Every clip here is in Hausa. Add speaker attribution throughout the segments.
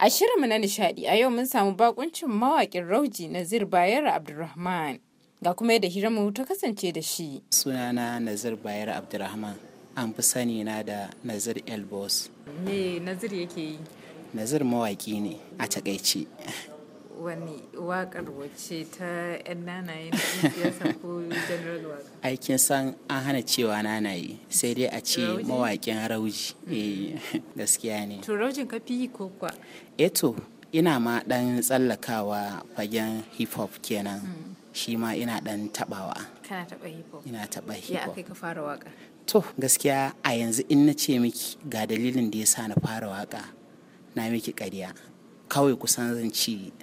Speaker 1: A shirinmu na nishadi a yau mun samu bakuncin mawakin rauji Nazir bayar Abdulrahman. Ga kuma yadda hiramu ta kasance da shi. Sunana Nazir bayar Abdulrahman. An fi sani na da Nazir Elbos. Me Nazir yake yi? Nazir mawaki ne a takaici. wani wakar wace ta yan nanaye na siyasa ko general waka aikin san an hana cewa nanaye sai dai a ce mawaƙin rauji mm. eh, gaskiya ne to raujin ka fi ko kwa eto eh ina ma dan tsallakawa fagen hip hop kenan mm. shi ma ina dan tabawa kana taba hip hop ina taba hip hop ya akai ka fara waka to gaskiya a yanzu in na ce miki ga dalilin da ya sa na fara waka na miki ƙarya kawai kusan zan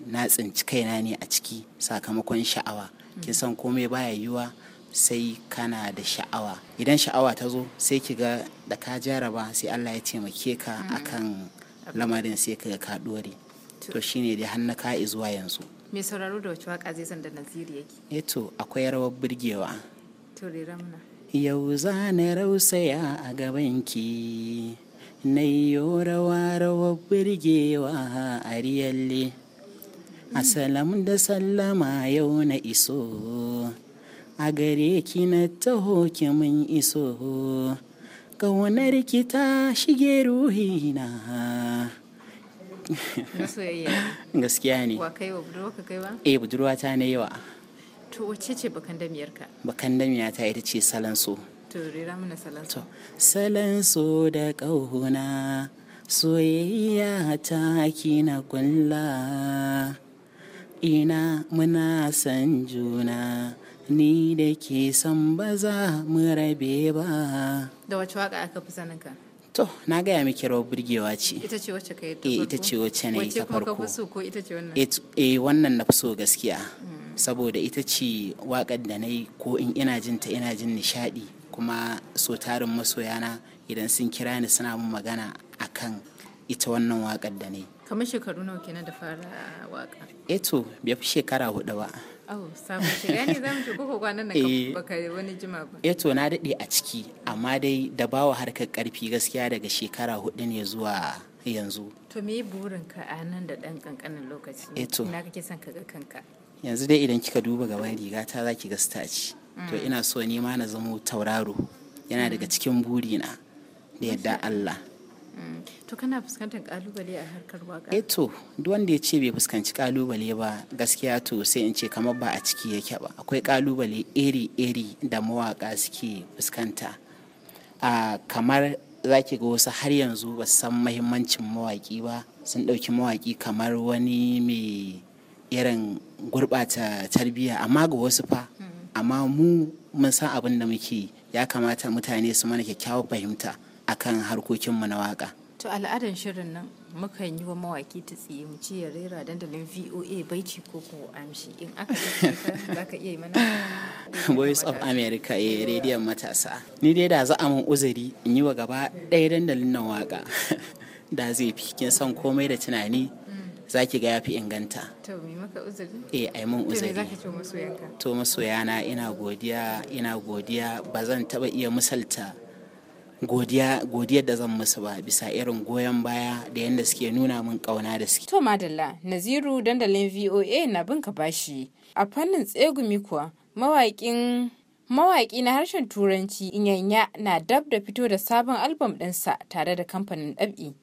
Speaker 1: na tsinci kaina ne a ciki sakamakon sha'awa kin san komai baya yiwuwa sai kana da sha'awa idan sha'awa ta zo sai ki ga da ka jaraba sai Allah ya taimake ka mm. akan lamarin sai ka ga ka dore to shine dai har na ka zuwa yanzu me sauraro da wacewa waka zai san da naziri yake eh to akwai rawar burgewa to rera yau za rausaya a gaban ki? na yo rawa rawa birgewa a riyalle asalam da sallama yau na iso a gare ki na taho ki mun iso ƙaunar ki ta shige ruhi ruhina gaskiya ne wa kai wa budurwa ka kai ba eh budurwa ta ne yawa to wacce ce bakan damiyarka bakan damiya ita ce salansu Salon so da ƙauna, soyayya ta kina kulla. Ina muna san juna, ni da ke san ba za mu rabe ba. Da wace waka aka fi saninka? To, na gaya miki rawar burgewa ce. Ita ce wacce ka yi ta eh, farko? ita ce wacce na yi ta farko. Wacce kuma ka fi so ko ita ce wannan? Eh, wannan na fi so gaskiya. Hmm. Saboda ita ce waƙar da na yi ko in ina jinta ina jin nishaɗi. kuma so tarin masoyana idan sun kira ni suna mun magana akan ita wannan wakar da ne. Kamar shekaru nawa kenan da fara waka. Eto, eh bai fi shekara hudu ba. Au, oh, samun shiga ne za mu ci koko kwanan nan baka eh. wani jima ba. Eto, eh na daɗe a ciki, amma dai da bawa harkar ƙarfi gaskiya daga shekara hudu ne zuwa yanzu. To me burin ka a nan da ɗan ƙanƙanin lokaci? Eto. Na kake son ka ga kanka? Yanzu dai idan kika duba gaban rigata za ki ga staci. to ina so ni ma na zamo tauraro yana daga cikin burina da yadda Allah to kana fuskantar kalubale a harkar waka Eto eh duk wanda ya ce bai fuskanci kalubale ba gaskiya to sai in ce kamar ba a ciki ya ba akwai kalubale iri-iri da mawaka suke fuskanta a kamar za ki ga wasu har yanzu ba san mahimmancin mawaki ba sun ɗauki mawaki kamar wani mai irin gurɓata tarbiyya amma ga wasu fa amma mu mun san abin da muke ya kamata mutane su mana kyakkyawar fahimta akan harkokinmu na waka to al'adar shirin nan mukan yi wa mawaki ta tsiye mu ci ya rera dandalin voa baiti ko ko amshi in aka za ka iya yi mana voice of america eh rediyon matasa ni dai da za a mun uzuri in yi wa gaba ɗaya dandalin nan waka da zai fi kin san komai da tunani za ki ga ya fi inganta. To, mi maka uzuri? Eh, ai mun uzuri. To, ce masoyanka? To, ina godiya, ina godiya, ba zan taɓa iya misalta godiya godiyar da zan musu ba bisa irin goyon baya da yadda suke nuna min kauna da suke. To madalla Naziru dandalin VOA na bin ka bashi a fannin tsegumi kuwa mawaƙin mawaƙi na harshen turanci Inyanya na dab da fito da sabon albam ɗinsa tare da kamfanin ɗab'i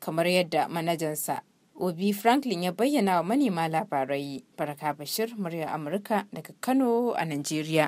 Speaker 1: kamar yadda manajansa Obi Franklin ya bayyana wa manema labarai. Baraka Bashir, murya Amurka daga Kano a Najeriya.